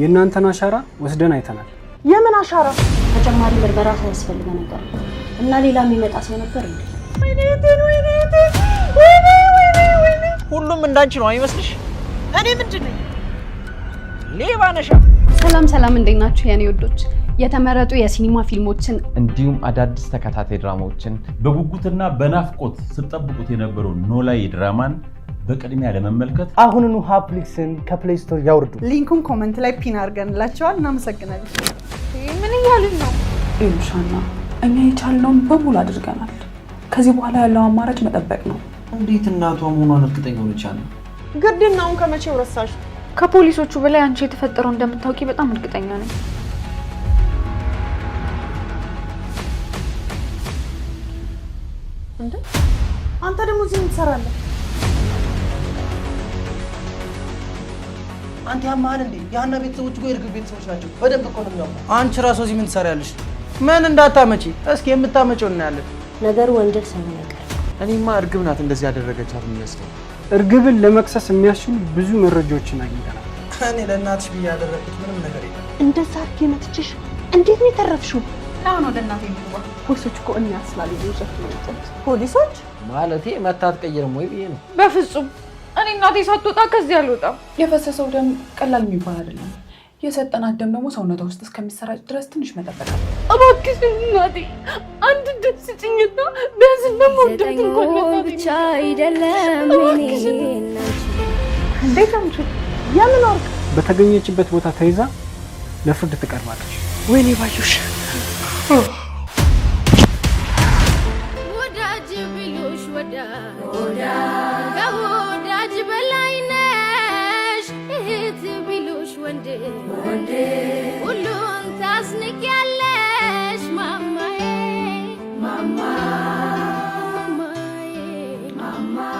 የእናንተን አሻራ ወስደን አይተናል። የምን አሻራ? ተጨማሪ ምርመራ ሳያስፈልገ ነበር እና ሌላ የሚመጣ ሰው ነበር። ሁሉም እንዳንቺ ነው አይመስልሽ? እኔ ምንድን ነኝ? ሌባ ነሻ። ሰላም ሰላም፣ እንዴት ናችሁ የኔ ወዶች? የተመረጡ የሲኒማ ፊልሞችን እንዲሁም አዳዲስ ተከታታይ ድራማዎችን በጉጉትና በናፍቆት ስጠብቁት የነበረው ኖላዊ ድራማን በቅድሚያ ለመመልከት አሁንኑ ሀፕሊክስን ከፕሌይ ስቶር ያውርዱ። ሊንኩን ኮመንት ላይ ፒን አድርገንላቸዋል። እናመሰግናለን። ምን እያልን ነው? ሉሻና እኛ የቻልነውን በሙሉ አድርገናል። ከዚህ በኋላ ያለው አማራጭ መጠበቅ ነው። እንዴት እናቷ መሆኗን እርግጠኛ ነው? ግድና አሁን ከመቼው ረሳሽ? ከፖሊሶቹ በላይ አንቺ የተፈጠረው እንደምታውቂ በጣም እርግጠኛ ነኝ። አንተ ደግሞ እዚህ ምን ትሰራለህ? አንተ ያማል እንዴ? ያና ቤተሰቦች እኮ የእርግብ ቤተሰቦች ናቸው። በደንብ እኮ ነው የሚያውቁ። አንቺ ራሱ እዚህ ምን ትሰሪያለሽ? ምን እንዳታመጪ። እስኪ የምታመጪው እናያለን። ነገሩ ወንጀል ሳይሆን አይቀርም። እኔማ እርግብ ናት እንደዚህ ያደረገቻት የሚመስለው። እርግብን ለመክሰስ የሚያስችሉ ብዙ መረጃዎችን አግኝተናል። እኔ ለእናትሽ ብዬ ያደረግኩት ምንም ነገር የለም። እንደዛ አድርጌ መትችሽ እንዴት ነው የተረፍሽው? ታውን ወደ እናቴ ልዋ። ፖሊሶች እኮ እኔ ያስላል ይዘት ፖሊሶች ማለቴ መታት ቀይርም ወይ ብዬ ነው። በፍጹም እኔ እናቴ ሳትወጣ ከዚህ አልወጣም። የፈሰሰው ደም ቀላል የሚባል አይደለም። የሰጠናት ደም ደግሞ ሰውነቷ ውስጥ እስከሚሰራጭ ድረስ ትንሽ መጠበቅ አለ። እባክሽ እናቴ አንድ ደም ስጭኝና ቢያንስ ለመውደት እንኳን ብቻ አይደለም። እንዴት አምቹ የምን ወርቅ በተገኘችበት ቦታ ተይዛ ለፍርድ ትቀርባለች። ወይኔ ባዩሽ ወዳጅ ብሎሽ ወዳ ታውቂያለሽ ማማዬ ማማዬ ማማዬ